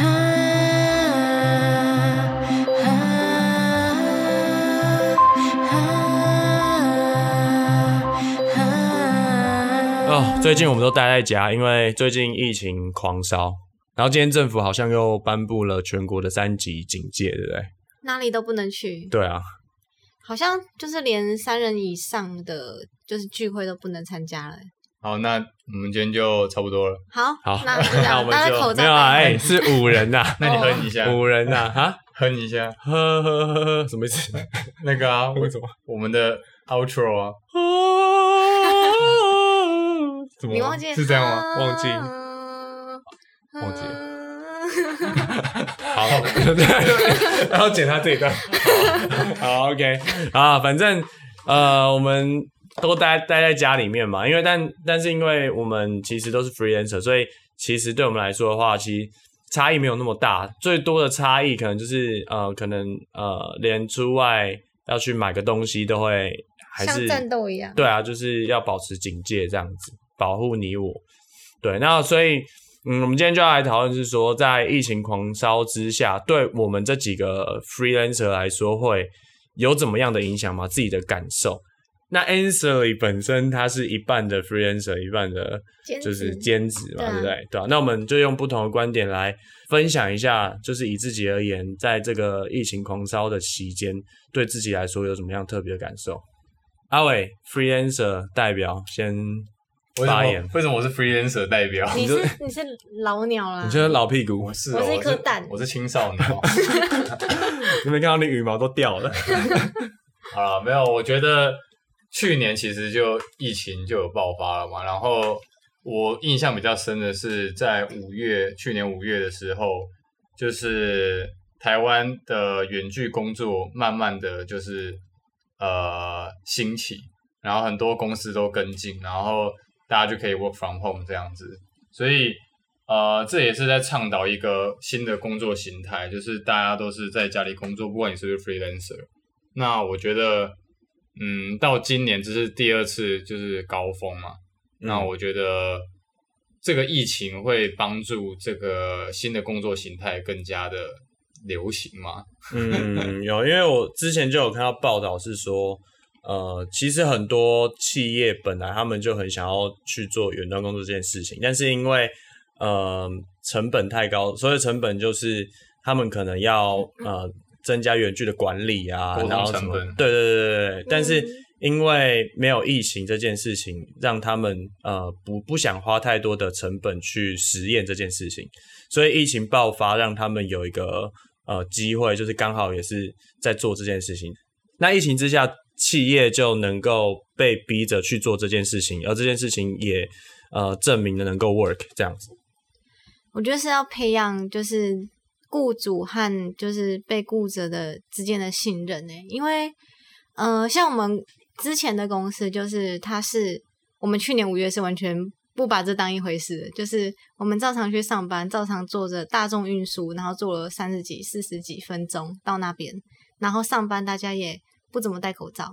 啊，啊，啊，啊，啊，啊，啊、哦，最近我們都待在家，因為最近疫情狂燒。然後今天政府好像又頒布了全國的三級警戒，對不對？哪裡都不能去。對啊，好像就是連三人以上的就是聚會都不能參加了。好，那我們今天就差不多了。好，好，那我們就 沒有啊，哎、欸，是五人吶，啊， 那你哼一下，五人吶，啊，哈 哼一下，呵呵呵呵，什麼意思？ 那個啊，為什麼 我們的 outro 啊？ 怎麼？你忘記是這樣嗎？忘記， 忘記，好，然後檢查這一段，好，OK，啊，反正呃，我們。都待待在家裡面嘛，因為但但是因為我們其實都是 freelancer，所以其實對我們來說的話，其實差異沒有那麼大。最多的差異可能就是呃，可能呃，連出外要去買個東西都會還是像戰鬥一樣。對啊，就是要保持警戒這樣子，保護你我。對，那所以嗯，我們今天就要來討論是說，在疫情狂燒之下，對我們這幾個 freelancer 來說，會有怎麼樣的影響嗎？自己的感受。那 Annsley 本身，它是一半的 freelancer 一半的就是兼職嘛，職對不、啊、對？對吧？那我們就用不同的觀點來分享一下，就是以自己而言，在這個疫情狂燒的期間，對自己來說有什麼樣特別的感受？阿偉 freelancer 代表先發言。我為。為什麼我是 freelancer 代表？你是你是老鳥啦，你覺得老屁股？是哦、我是我是一顆蛋，我是青少年。 你沒看到你羽毛都掉了？ 好了，沒有，我覺得。去年其實就疫情就有爆發了嘛，然後我印象比較深的是在五月，去年五月的時候，就是台灣的遠距工作慢慢的就是呃興起，然後很多公司都跟進，然後大家就可以 work from home 這樣子，所以呃這也是在倡導一個新的工作形態，就是大家都是在家裡工作，不管你是不是 freelancer，那我覺得。嗯，到今年這是第二次就是高峰嘛？嗯，那我覺得這個疫情會幫助這個新的工作形態更加的流行嗎？嗯，有，因為我之前就有看到報道是說，呃，其實很多企業本來他們就很想要去做遠端工作這件事情，但是因為呃成本太高，所以成本就是他們可能要呃。增加遠距的管理啊，然後什麼？對對對對對。嗯、但是因為沒有疫情這件事情，讓他們呃不不想花太多的成本去實驗這件事情，所以疫情爆發讓他們有一個呃機會，就是剛好也是在做這件事情。那疫情之下，企業就能夠被逼着去做這件事情，而這件事情也呃證明了能夠 work 這樣子。我覺得是要培養，就是。僱主和就是被僱者的之間的信任呢、欸？因為，呃，像我們之前的公司，就是它是我們去年五月是完全不把這當一回事，就是我們照常去上班，照常坐着大眾運輸，然後坐了三十幾、四十幾分鐘到那邊，然後上班大家也不怎麼戴口罩。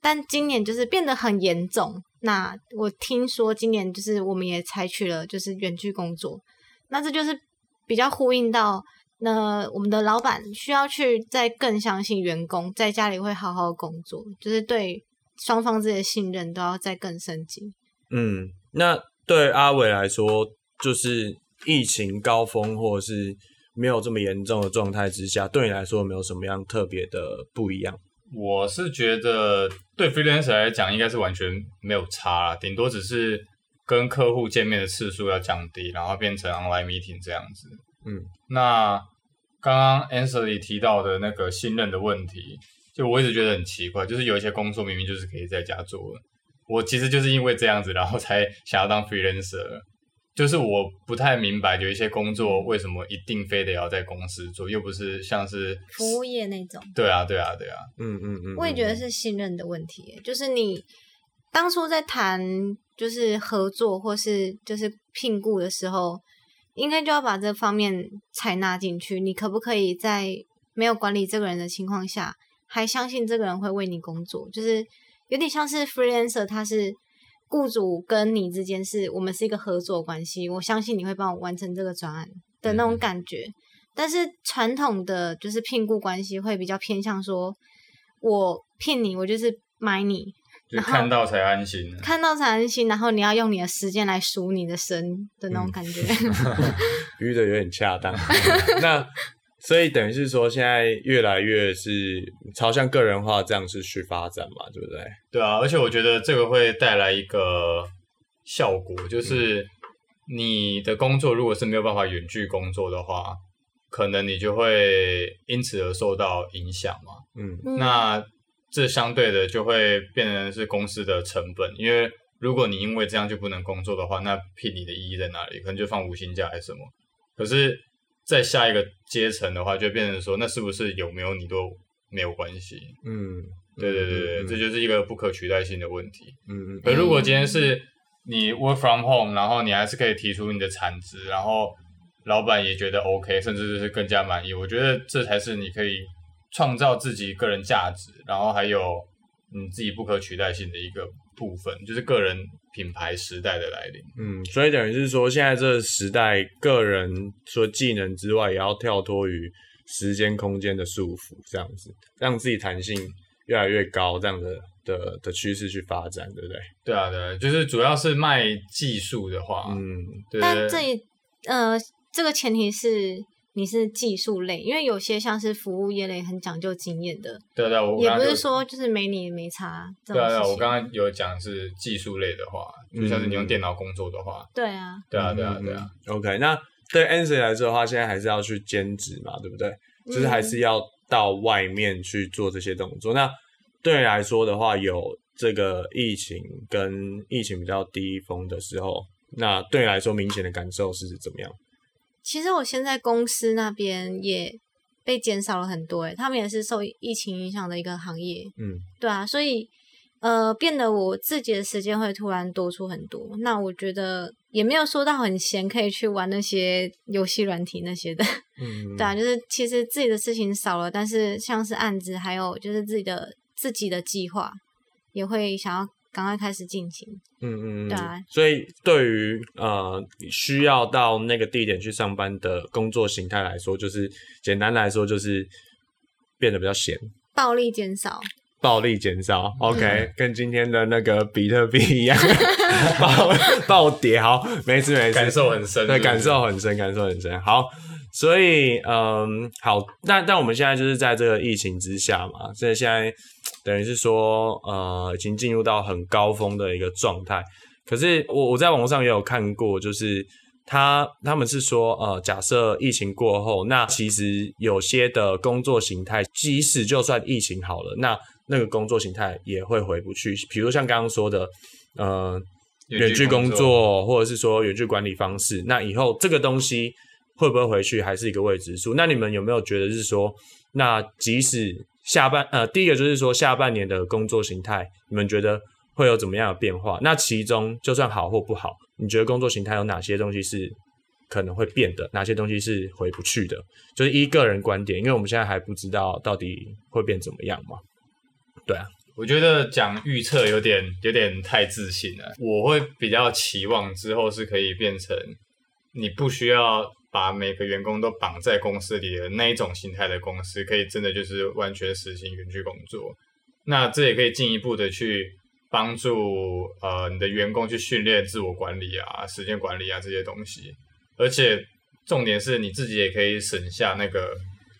但今年就是變得很嚴重。那我聽說今年就是我們也採取了就是遠距工作，那這就是。比較呼應到，那我們的老板需要去再更相信員工在家裡會好好工作，就是對雙方這些信任都要再更升級。嗯，那對阿偉來說，就是疫情高峰或者是沒有這麼嚴重的狀態之下，對你來說有沒有什麼樣特別的不一樣？我是覺得對 freelancer 來講應該是完全沒有差啦，頂多只是。跟客戶見面的次數要降低，然後變成 online meeting 這樣子。嗯，那剛剛 Annsley 提到的那個信任的問題，就我一直覺得很奇怪，就是有一些工作明明就是可以在家做，我其實就是因為這樣子，然後才想要當 freelancer。就是我不太明白，有一些工作為什麼一定非得要在公司做，又不是像是服務業那種。對啊，對啊，對啊。嗯嗯嗯。嗯嗯，我也覺得是信任的問題，嗯、就是你當初在談。就是合作，或是就是聘僱的時候，應該就要把這方面採納進去。你可不可以在沒有管理這個人的情況下，還相信這個人會為你工作？就是有點像是 freelancer，他是雇主跟你之間是我們是一個合作關係，我相信你會幫我完成這個專案的那種感覺。嗯、但是傳統的就是聘僱關係會比較偏向說，我聘你，我就是買你。就看到才安心，啊，看到才安心，然後你要用你的時間來贖你的身的那種感覺，遇的有點恰當。 那所以等於是說，現在越來越是朝向個人化這樣子去發展嘛，對不對？對啊，而且我覺得這個會帶來一個效果，就是你的工作如果是沒有辦法遠距工作的話，可能你就會因此而受到影響嘛。嗯，那。是相對的，就會變成是公司的成本，因為如果你因為這樣就不能工作的話，那聘你的意義在哪裡？可能就放無薪假還是什麼。可是，在下一個階層的話，就變成說，那是不是有沒有你都沒有關係？嗯，對對對對，嗯嗯，這就是一個不可取代性的問題。嗯，可如果今天是你 work from home，然後你還是可以提出你的產值，然後老闆也覺得 OK，甚至就是更加滿意，我覺得這才是你可以。創造自己個人價值，然後還有嗯自己不可取代性的一個部分，就是個人品牌時代的來臨。嗯，所以等於是說，現在這個時代，個人說技能之外，也要跳脫於時間空間的束縛，這樣子，讓自己彈性越來越高，這樣的的的趨勢去發展，對不對？對啊，對啊，就是主要是賣技術的話，嗯，對，對。但這呃，這個前提是。你是技術類，因為有些像是服務業類很講究經驗的。對，對對。我剛剛，也不是說就是沒你沒差。對啊，我剛剛有講是技術類的話，嗯、就像是你用電腦工作的話。對啊，對啊，對啊，對啊。OK，那對 Annsley 來說的話，現在還是要去兼職嘛，對不對？嗯、就是還是要到外面去做這些動作。那對你來說的話，有這個疫情跟疫情比較低峰的時候，那對你來說明顯的感受是怎麼樣？其實我現在公司那邊也被減少了很多，欸，誒他們也是受疫情影響的一個行業，嗯，對啊，所以呃，變得我自己的時間會突然多出很多。那我覺得也沒有說到很閒，可以去玩那些遊戲軟體那些的，嗯，嗯，對啊，就是其實自己的事情少了，但是像是案子還有就是自己的自己的計劃也會想要。趕快開始進行，嗯嗯嗯，對、啊、所以對於呃需要到那個地點去上班的工作形態來說，就是簡單來說就是變得比較閒，暴力減少，暴力減少。嗯、OK，跟今天的那個比特幣一樣、嗯、 暴跌。好，沒事沒事，感受很深，嗯、對，感受很深，感受很深。好。所以，嗯，好，那那我們現在就是在這個疫情之下嘛，所以現在等於是說，呃，已經進入到很高峰的一個狀態。可是我我在網絡上也有看過，就是他他們是說，呃，假設疫情過後，那其實有些的工作形態，即使就算疫情好了，那那個工作形態也會回不去。比如像剛剛說的，呃，遠距工作，遠距工作或者是說遠距管理方式，那以後這個東西。會不會回去還是一個未知數？那你們有沒有覺得是說，那即使下半呃，第一個就是說，下半年的工作形態，你們覺得會有怎麼樣的變化？那其中就算好或不好，你覺得工作形態有哪些東西是可能會變的？哪些東西是回不去的？就是依個人觀點，因為我們現在還不知道到底會變怎麼樣嘛。對啊，我覺得講預測有點有點太自信了。我會比較期望之後是可以變成你不需要。把每個員工都綁在公司裡的那一種型態的公司，可以真的就是完全實行遠距工作。那這也可以進一步的去幫助呃你的員工去訓練自我管理啊、時間管理啊這些東西。而且重點是你自己也可以省下那個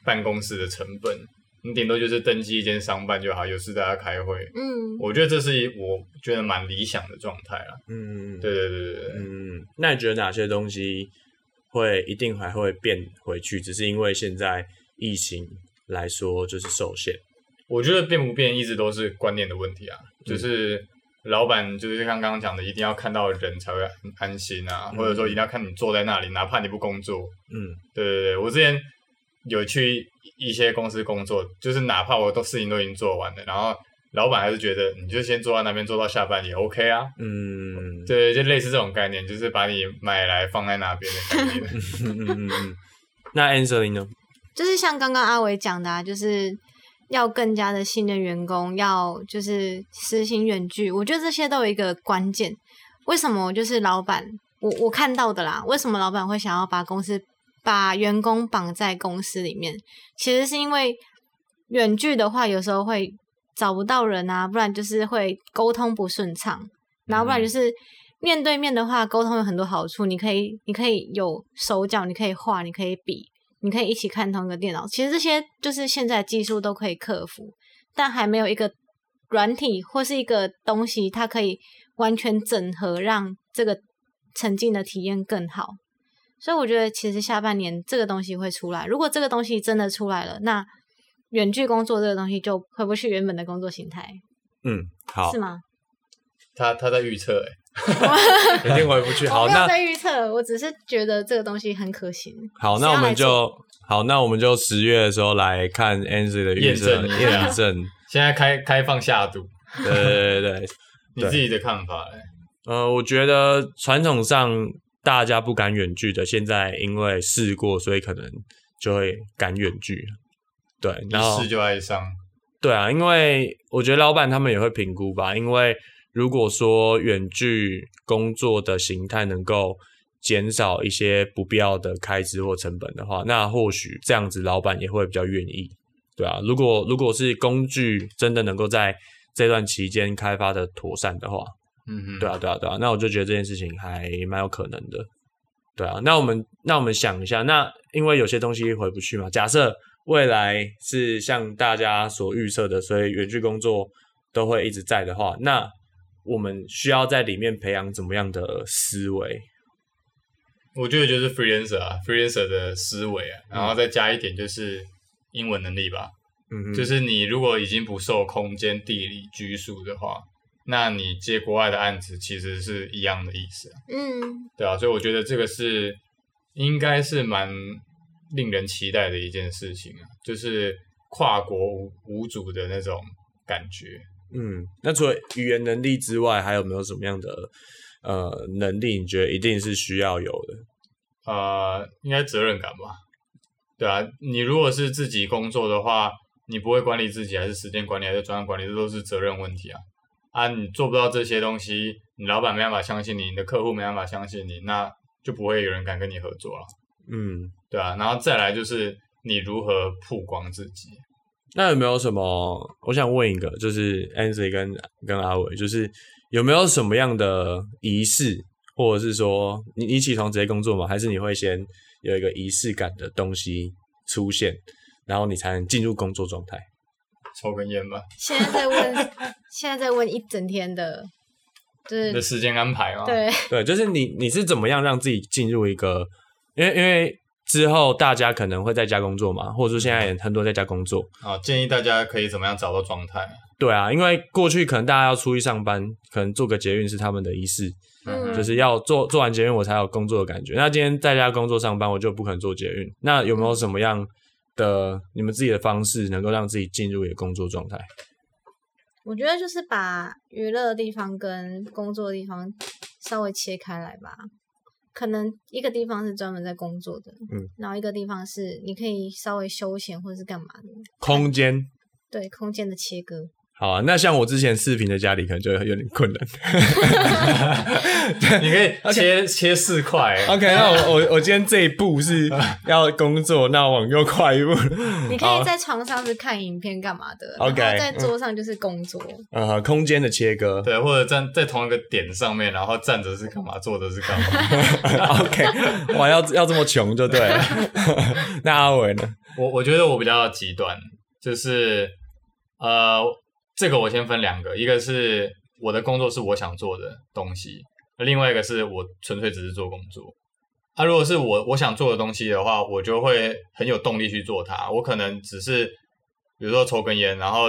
辦公室的成本，你頂多就是登記一間商辦就好，有事大家開會。嗯，我覺得這是一我覺得蠻理想的狀態啦。嗯，對對對對。嗯，那你覺得哪些東西？會一定還會變回去，只是因為現在疫情來說就是受限。我覺得變不變一直都是觀念的問題啊，嗯、就是老板就是剛剛講的，一定要看到人才會安心啊，嗯、或者說一定要看你坐在那裡，哪怕你不工作。嗯，對對對，我之前有去一些公司工作，就是哪怕我都事情都已經做完了，然後。老闆還是覺得你就先坐在那邊坐到下班也 OK 啊，嗯，對，就類似這種概念，就是把你買來放在那邊的概念。嗯嗯嗯。那 Annsley 呢？就是像剛剛阿偉講的、啊，就是要更加的信任員工，要就是實行遠距，我覺得這些都有一個關鍵。為什麼？就是老闆，我我看到的啦，為什麼老闆會想要把公司把員工綁在公司裡面？其實是因為遠距的話，有時候會。找不到人啊，不然就是會溝通不順暢，嗯、然後不然就是面對面的話溝通有很多好處，你可以你可以有手腳，你可以畫，你可以比，你可以一起看同一個電腦。其實這些就是現在技術都可以克服，但還沒有一個軟體或是一個東西，它可以完全整合，讓這個沉浸的體驗更好。所以我覺得其實下半年這個東西會出來。如果這個東西真的出來了，那遠距工作這個東西就回不去原本的工作形態，嗯，好是嗎？他他在預測、欸，哎，肯定回不去。 好我沒有在預測，那我只是覺得這個東西很可行。好，那我們就好，那我們就十月的時候來看 Annsley 的預測驗證。驗證現在開開放下賭， 對，對對對，對你自己的看法、欸，呃，我覺得傳統上大家不敢遠距的，現在因為試過，所以可能就會敢遠距。對，然後一試就愛上。對啊，因為我覺得老板他們也會評估吧。因為如果說遠距工作的形態能夠減少一些不必要的開支或成本的話，那或許這樣子老板也會比較願意。對啊，如果如果是工具真的能夠在這段期間開發的妥善的話，嗯哼，對啊對啊對啊，那我就覺得這件事情還蠻有可能的。對啊，那我們那我們想一下，那因為有些東西回不去嘛，假設。未來是像大家所預測的，所以遠距工作都會一直在的話，那我們需要在裡面培養怎麼樣的思維？我覺得就是 freelancer 啊，freelancer 的思維啊，嗯，然後再加一點就是英文能力吧。嗯哼，就是你如果已經不受空間地理拘束的話，那你接國外的案子其實是一樣的意思啊。嗯，對啊，所以我覺得這個是應該是蠻。令人期待的一件事情啊，就是跨國無阻的那種感覺。嗯，那除了語言能力之外，還有沒有什麼樣的呃能力？你覺得一定是需要有的？呃，應該責任感吧。對啊，你如果是自己工作的話，你不會管理自己，還是時間管理，還是專業管理，這都是責任問題啊。啊，你做不到這些東西，你老板沒辦法相信你，你的客戶沒辦法相信你，那就不會有人敢跟你合作了，啊。嗯。對啊，然後再來就是你如何曝光自己？那有沒有什麼？我想問一個，就是 Annsley 跟跟阿偉，就是有沒有什麼樣的儀式，或者是說你你起床直接工作嗎？還是你會先有一個儀式感的東西出現，然後你才能進入工作狀態？抽根菸吧。現在在問， 現在在問一整天的，對、就是。的時間安排嘛？對對，就是你你是怎麼樣讓自己進入一個，因為因為。之後大家可能會在家工作嘛，或者說現在也很多在家工作啊、哦。建議大家可以怎麼樣找到狀態？對啊，因為過去可能大家要出去上班，可能坐個捷運是他們的儀式，嗯、哼就是要坐坐完捷運我才有工作的感覺。那今天在家工作上班，我就不可能坐捷運。那有沒有什麼樣的你們自己的方式，能夠讓自己進入一個工作狀態？我覺得就是把娛樂的地方跟工作的地方稍微切開來吧。可能一個地方是專門在工作的，嗯，然後一個地方是你可以稍微休閒或者是幹嘛的，空間，對，空間的切割。好啊，那像我之前視頻的家裡可能就有點困難， 你可以切 Okay. 切四塊。OK，那我 我我今天這一步是要工作， 那往右跨一步。 你可以在床上是看影片幹嘛的？OK，在桌上就是工作啊。Uh-huh, 空間的切割，對，或者站在同一個點上面，然後站着是幹嘛，坐着是幹嘛 ？OK，哇，要要這麼窮就對了。 那阿文呢？我我覺得我比較極端，就是呃。這個我先分兩個，一個是我的工作是我想做的東西，而另外一個是我純粹只是做工作。那、啊、如果是我我想做的東西的話，我就會很有動力去做它。我可能只是比如說抽根菸，然後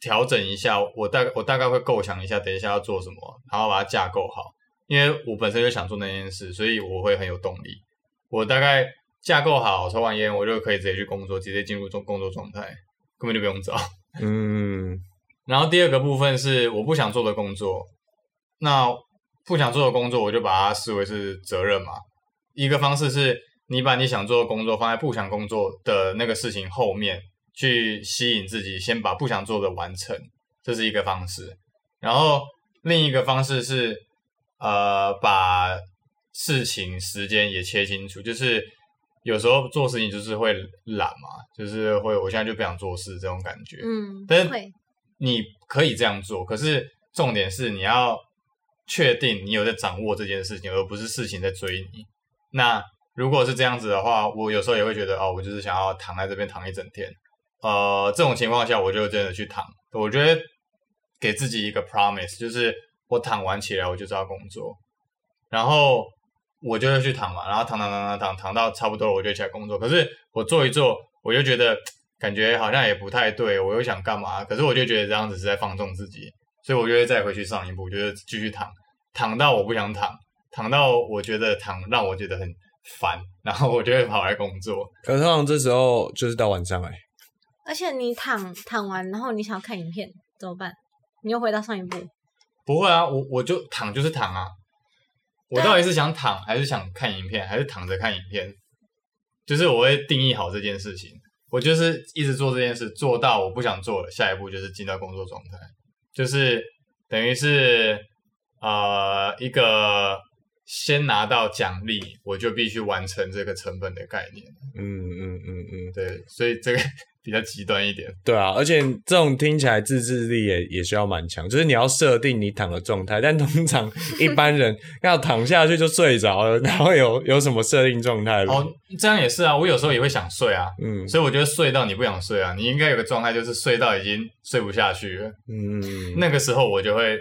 調整一下，我大我大概會構想一下，等一下要做什麼，然後把它架構好。因為我本身就想做那件事，所以我會很有動力。我大概架構好，抽完菸我就可以直接去工作，直接進入工作狀態，根本就不用找。嗯。然後第二個部分是我不想做的工作，那不想做的工作我就把它視為是責任嘛。一個方式是，你把你想做的工作放在不想工作的那個事情後面去吸引自己，先把不想做的完成，這是一個方式。然後另一個方式是，呃，把事情時間也切清楚，就是有時候做事情就是會懶嘛，就是會，我現在就不想做事這種感覺，嗯，但是你可以這樣做，可是重點是你要確定你有在掌握這件事情，而不是事情在追你。那如果是這樣子的話，我有時候也會覺得哦，我就是想要躺在這邊躺一整天。呃，這種情況下我就真的去躺。我覺得給自己一個 promise，就是我躺完起來我就知道工作，然後我就會去躺嘛，然後躺躺躺躺躺躺到差不多，我就起來工作。可是我做一做，我就覺得。感覺好像也不太對，我又想幹嘛？可是我就覺得這樣子是在放縱自己，所以我就會再回去上一步，就是繼續躺，躺到我不想躺，躺到我覺得躺讓我覺得很煩，然後我就會跑來工作。可是這時候就是到晚上哎、欸，而且你躺躺完，然後你想要看影片怎麼辦？你又回到上一步？不會啊，我我就躺就是躺啊。我到底是想躺還是想看影片，還是躺着看影片？就是我會定義好這件事情。我就是一直做這件事，做到我不想做了，下一步就是進到工作狀態，就是等於是呃一個。先拿到獎勵，我就必須完成這個成本的概念。嗯嗯嗯嗯，對，所以這個比較極端一點。對啊，而且這種聽起來自制力也也需要蠻強，就是你要設定你躺的狀態。但通常一般人要躺下去就睡着了， 然後有有什麼設定狀態？哦，這樣也是啊，我有時候也會想睡啊。嗯，所以我覺得睡到你不想睡啊，你應該有個狀態，就是睡到已經睡不下去了。嗯，那個時候我就會。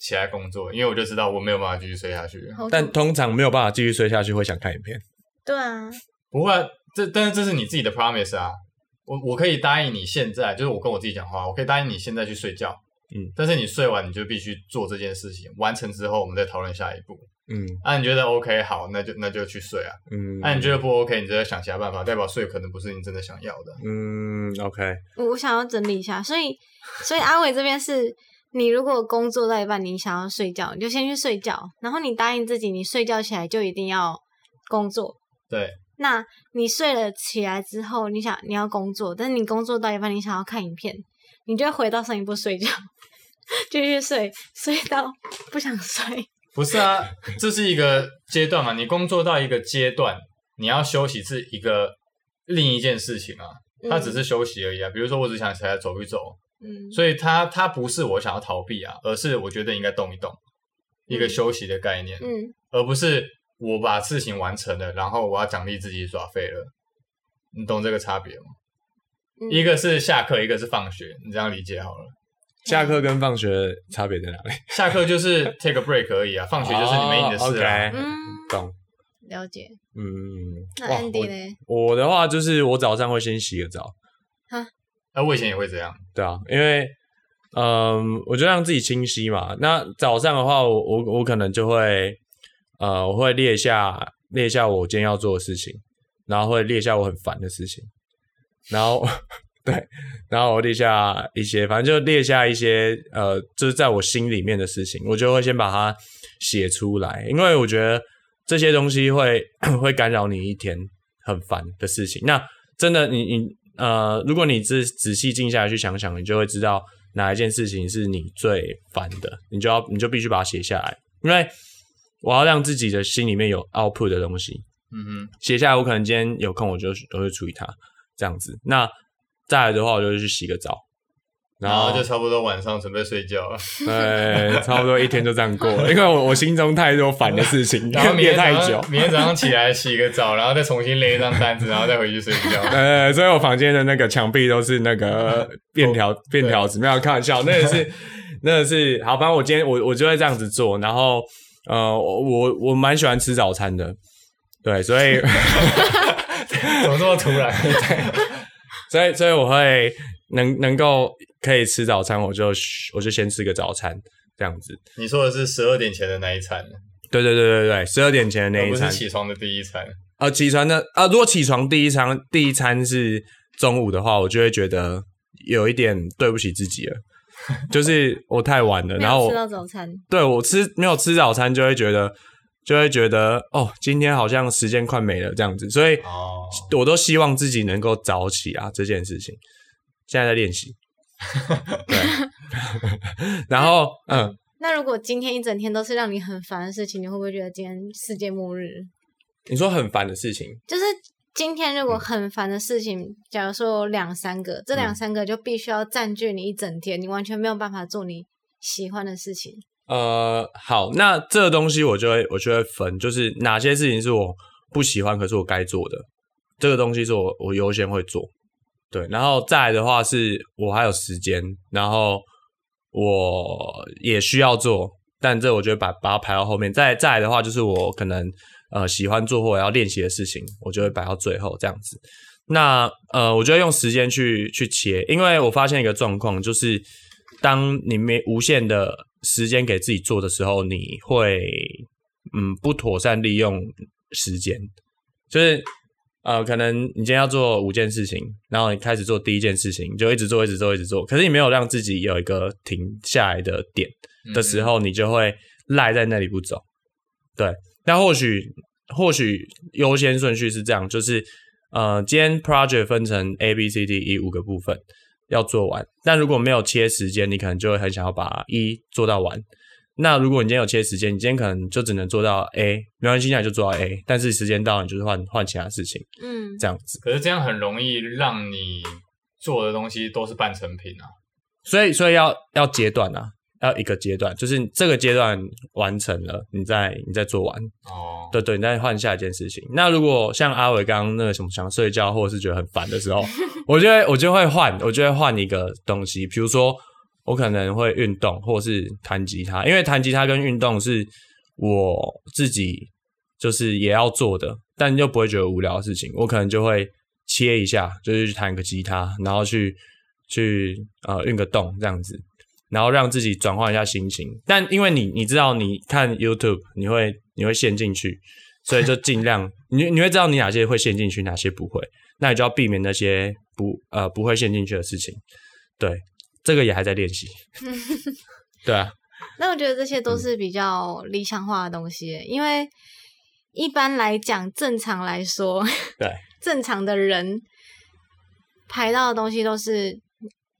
其他工作，因為我就知道我沒有辦法繼續睡下去，但通常沒有辦法繼續睡下去會想看影片。對啊，不會啊，這但是這是你自己的 promise 啊，我我可以答應你現在，就是我跟我自己講話，我可以答應你現在去睡覺，嗯，但是你睡完你就必須做這件事情，完成之後我們再討論下一步，嗯，那你覺得 OK 好，那就那就去睡啊，嗯，那你覺得不 OK，你就要想其他辦法，代表睡可能不是你真的想要的，嗯，OK，我我想要整理一下，所以所以阿偉這邊是。你如果工作到一半，你想要睡覺，你就先去睡覺。然後你答應自己，你睡覺起來就一定要工作。對。那你睡了起來之後，你想你要工作，但是你工作到一半，你想要看影片，你就回到上一部睡覺，就去睡，睡到不想睡。不是啊，這是一個階段嘛，你工作到一個階段，你要休息是一個另一件事情啊，它只是休息而已啊。嗯、比如說，我只想起來走一走。嗯、所以他他，他不是我想要逃避啊，而是我覺得應該動一動，一個休息的概念，嗯嗯、而不是我把事情完成了，然後我要獎勵自己耍廢了，你懂這個差別嗎？嗯、一個是下課，一個是放學，你這樣理解好了。下課跟放學差別在哪裡？ 下課就是 take a break 而已啊，放學就是你們你的事了、啊哦 okay, 嗯。懂，了解。嗯，嗯那 Andy 呢？我，我的話就是我早上會先洗個澡。哈。那、啊、我以前也會這樣，對啊，因為，嗯，我就讓自己清晰嘛。那早上的話，我我我可能就會，呃，我會列下列下我今天要做的事情，然後會列下我很煩的事情，然後對，然後我列下一些，反正就列下一些，呃，就是在我心裡面的事情，我就會先把它寫出來，因為我覺得這些東西會會干擾你一天很煩的事情。那真的你，你你。呃，如果你仔仔細靜下來去想想，你就會知道哪一件事情是你最煩的，你就要你就必須把它寫下來，因為我要讓自己的心裡面有 output 的東西。嗯哼，寫下來，我可能今天有空我，我就都會處理它，這樣子。那再來的話，我就去洗個澡。然後就差不多晚上準備睡覺了，對， 差不多一天就這樣過了，因為我我心中太多煩的事情，因為憋太久，明天早上起來洗個澡，然後再重新列一張單子，然後再回去睡覺。呃，所以我房間的那個牆壁都是那個便條、哦、便條紙，對，沒有開玩笑，那個是、那個是、好，反正我今天我我就會這樣子做。然後呃，我我我蠻喜歡吃早餐的，對，所以 怎麼這麼突然？對，所以所以我會。能能夠可以吃早餐，我就我就先吃個早餐，這樣子。你說的是十二點前的那一餐？對對對對對，十二點前的那一餐。不是起床的第一餐。啊，起床的啊，如果起床第一餐第一餐是中午的話，我就會覺得有一點對不起自己了， 就是我太晚了，然後 沒有吃到早餐。我，對，我吃，沒有吃早餐就，就會覺得就會覺得哦，今天好像時間快沒了這樣子，所以、哦、我都希望自己能夠早起啊，這件事情。現在在練習，然後嗯，嗯嗯，那如果今天一整天都是讓你很煩的事情，你會不會覺得今天世界末日？你說很煩的事情，就是今天如果很煩的事情，嗯、假如說有兩三個，這兩三個就必須要占據你一整天，嗯、你完全沒有辦法做你喜歡的事情。呃，好，那這個東西我就會我就會分，就是哪些事情是我不喜歡，可是我該做的，這個東西是我我優先會做。對，然後再來的話是我還有時間，然後我也需要做，但這我就會把把它排到後面。再再來的話就是我可能呃喜歡做或要練習的事情，我就會擺到最後這樣子。那呃，我就會用時間去去切，因為我發現一個狀況，就是當你沒無限的時間給自己做的時候，你會嗯不妥善利用時間，就是。呃，可能你今天要做五件事情，然後你開始做第一件事情，就一直做，一直做，一直做，可是你沒有讓自己有一個停下來的點的時候，嗯、哼你就會賴在那裡不走。對，那或許或許優先順序是這樣，就是呃，今天 project 分成 A、B、C、D、E 五個部分要做完，但如果沒有切時間，你可能就會很想要把一做到完。那如果你今天有切時間，你今天可能就只能做到 A，沒關係，下來就做到 A，但是時間到了，你就是換換其他事情，嗯，這樣子。可是這樣很容易讓你做的東西都是半成品啊。所以，所以要要階段啊，要一個階段，就是這個階段完成了，你再你再做完哦，對，對對，你再換下一件事情。那如果像阿偉剛剛那個什麼想睡覺或者是覺得很煩的時候， 我就會我就會換我就會換一個東西，比如說。我可能會運動，或是彈吉他，因為彈吉他跟運動是我自己就是也要做的，但又不會覺得無聊的事情。我可能就會切一下，就是去彈個吉他，然後去去呃運個動這樣子，然後讓自己轉換一下心情。但因為你你知道，你看 YouTube，你會你會陷進去，所以就盡量 你你會知道你哪些會陷進去，哪些不會，那你就要避免那些不呃不會陷進去的事情，對。這個也還在練習， 對啊。那我覺得這些都是比較理想化的東西，嗯、因為一般來講，正常來說，對，正常的人排到的東西都是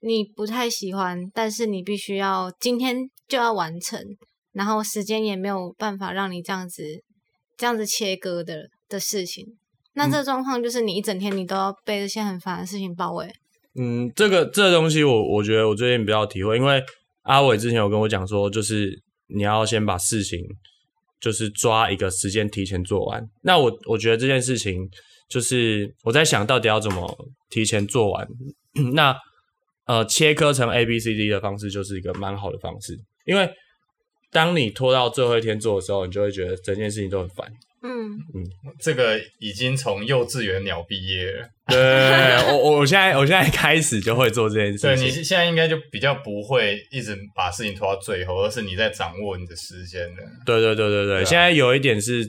你不太喜歡，但是你必須要今天就要完成，然後時間也沒有辦法讓你這樣子這樣子切割的的事情。那這狀況就是你一整天你都要被這些很煩的事情包圍。嗯嗯，這個這個東西我，我我覺得我最近比較體會，因為阿偉之前有跟我講說，就是你要先把事情，就是抓一個時間提前做完。那我我覺得這件事情，就是我在想到底要怎麼提前做完， 那呃切割成 A B C D 的方式就是一個蠻好的方式，因為當你拖到最後一天做的時候，你就會覺得整件事情都很煩。嗯嗯，這個已經從幼稚園鳥畢業了。對，對，對。 我，我現在我現在開始就會做這件事情。對，你現在應該就比較不會一直把事情拖到最後，而是你在掌握你的時間了。對對對對對，對啊，現在有一點是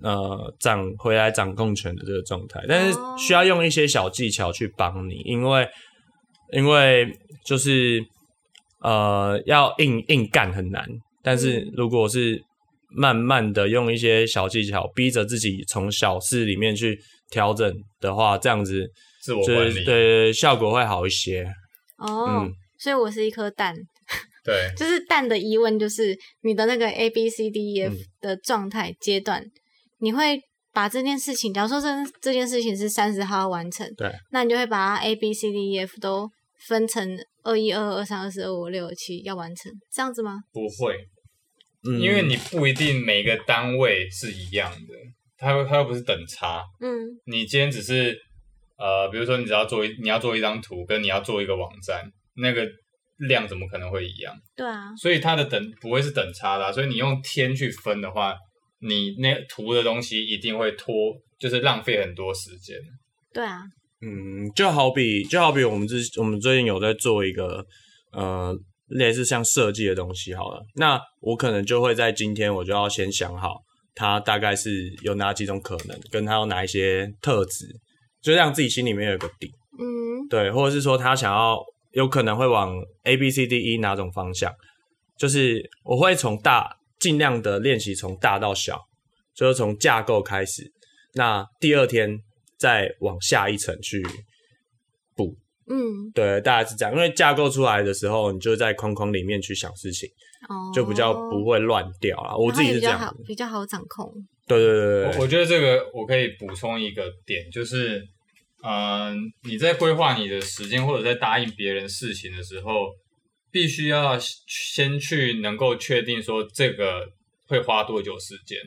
呃掌回來掌控權的這個狀態，但是需要用一些小技巧去幫你，因為因為就是呃要硬硬幹很難，但是如果是。嗯慢慢的用一些小技巧，逼着自己從小事裡面去調整的話，這樣子，對對對，效果會好一些。哦，嗯、所以我是一顆蛋。對， 就是蛋的疑問就是你的那個 A B C D E F 的狀態階段，嗯、你會把這件事情，假如說這這件事情是三十號要完成，對，那你就會把它 A B C D E F 都分成二一、二二、二三、二四、二五、六、七要完成，這樣子嗎？不會。因為你不一定每個單位是一樣的，它它又不是等差。嗯，你今天只是呃，比如說你只要做一你要做一張圖，跟你要做一個網站，那個量怎麼可能會一樣？對啊。所以它的等不會是等差啦，啊。所以你用天去分的話，你那圖的東西一定會拖，就是浪費很多時間。對啊。嗯，就好比就好比我們之前，我們最近有在做一個呃。類似像設計的東西好了，那我可能就會在今天我就要先想好，它大概是有哪幾種可能，跟它有哪一些特質，就讓自己心裡面有個底，嗯，對，或者是說他想要有可能會往 A、B、C、D、E 哪種方向，就是我會從大，盡量的練習從大到小，就是從架構開始，那第二天再往下一層去。嗯，對，大概是這樣，因為架構出來的時候，你就在框框裡面去想事情，哦、就比較不會亂掉啦。我自己是這樣比，比較好掌控。對對對對我，我覺得這個我可以補充一個點，就是，嗯、呃，你在規劃你的時間或者在答應別人事情的時候，必須要先去能夠確定說這個會花多久時間。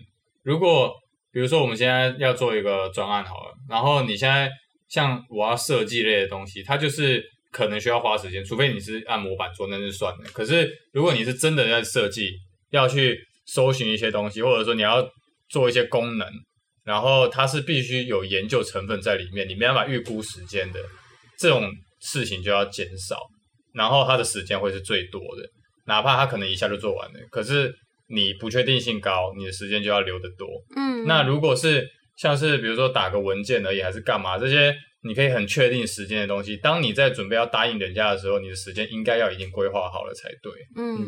如果比如說我們現在要做一個專案好了，然後你現在。像我要設計類的東西，它就是可能需要花時間，除非你是按模板做，那就算了。可是如果你是真的在設計，要去搜尋一些東西，或者說你要做一些功能，然後它是必須有研究成分在裡面，你沒有辦法預估時間的，這種事情就要減少，然後它的時間會是最多的，哪怕它可能一下就做完了，可是你不確定性高，你的時間就要留得多。嗯，那如果是。像是比如說打個文件而已還是幹嘛這些，你可以很確定時間的東西。當你在準備要答應人家的時候，你的時間應該要已經規劃好了才對。嗯，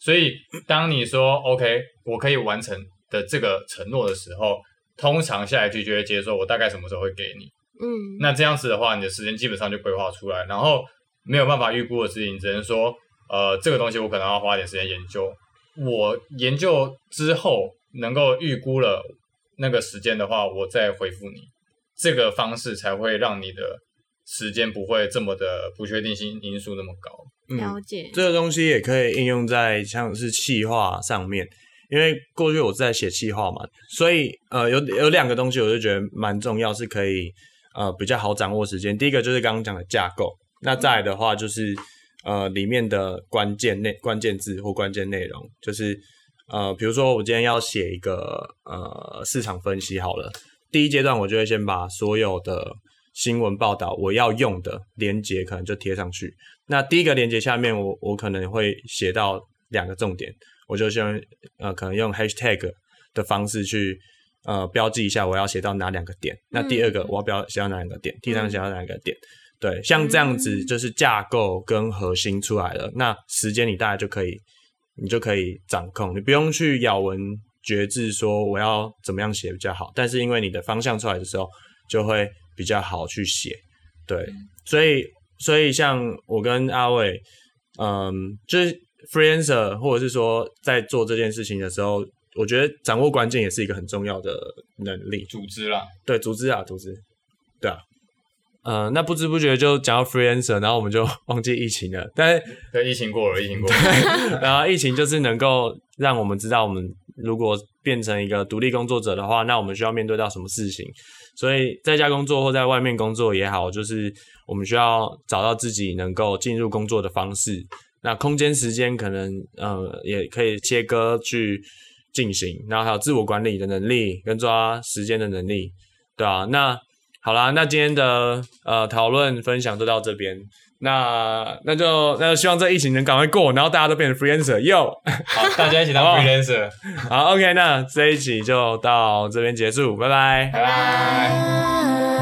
所以當你說 OK，我可以完成的這個承諾的時候，通常下一句就會接受。我大概什麼時候會給你。嗯，那這樣子的話，你的時間基本上就規劃出來。然後沒有辦法預估的事情，你只能說呃這個東西我可能要花點時間研究。我研究之後能夠預估了。那個時間的話，我再回復你，這個方式才會讓你的時間不會這麼的不確定性因素那麼高。了解。嗯，這個東西也可以應用在像是企劃上面，因為過去我在寫企劃嘛，所以呃有有兩個東西我就覺得蠻重要，是可以呃比較好掌握時間。第一個就是剛剛講的架構，那再來的話就是呃裡面的關鍵內關鍵字或關鍵內容，就是。呃，比如說我今天要寫一個呃市場分析，好了，第一階段我就會先把所有的新聞報道、我要用的連接可能就貼上去。那第一個連接下面我我可能會寫到兩個重點，我就先呃可能用 hashtag 的方式去呃標記一下我要寫到哪兩個點。嗯、那第二個我要標寫到哪兩個點，第三個寫到哪兩個點，嗯、對，像這樣子就是架構跟核心出來了。嗯、那時間你大概就可以。你就可以掌控，你不用去咬文嚼字，說我要怎麼樣寫比較好。但是因為你的方向出來的時候，就會比較好去寫，對。嗯、所以，所以像我跟阿偉，嗯，就是 freelancer 或者是說在做這件事情的時候，我覺得掌握關鍵也是一個很重要的能力，組織啦，對，組織啊，組織，對啊。呃，那不知不覺就講到 freelancer，然後我們就忘記疫情了。但是，對，疫情過了，疫情過了。對 然後，疫情就是能夠讓我們知道，我們如果變成一個獨立工作者的話，那我們需要面對到什麼事情。所以，在家工作或在外面工作也好，就是我們需要找到自己能夠進入工作的方式。那空間、時間可能呃，也可以切割去進行。然後還有自我管理的能力跟抓時間的能力，對啊，那。好啦，那今天的呃討論分享就到這邊，那那就那就希望這疫情能趕快過，然後大家都變成 freelancer，、er、又好， 大家一起當 freelancer，、er、好，好 OK，那這一集就到這邊結束，拜拜，拜拜。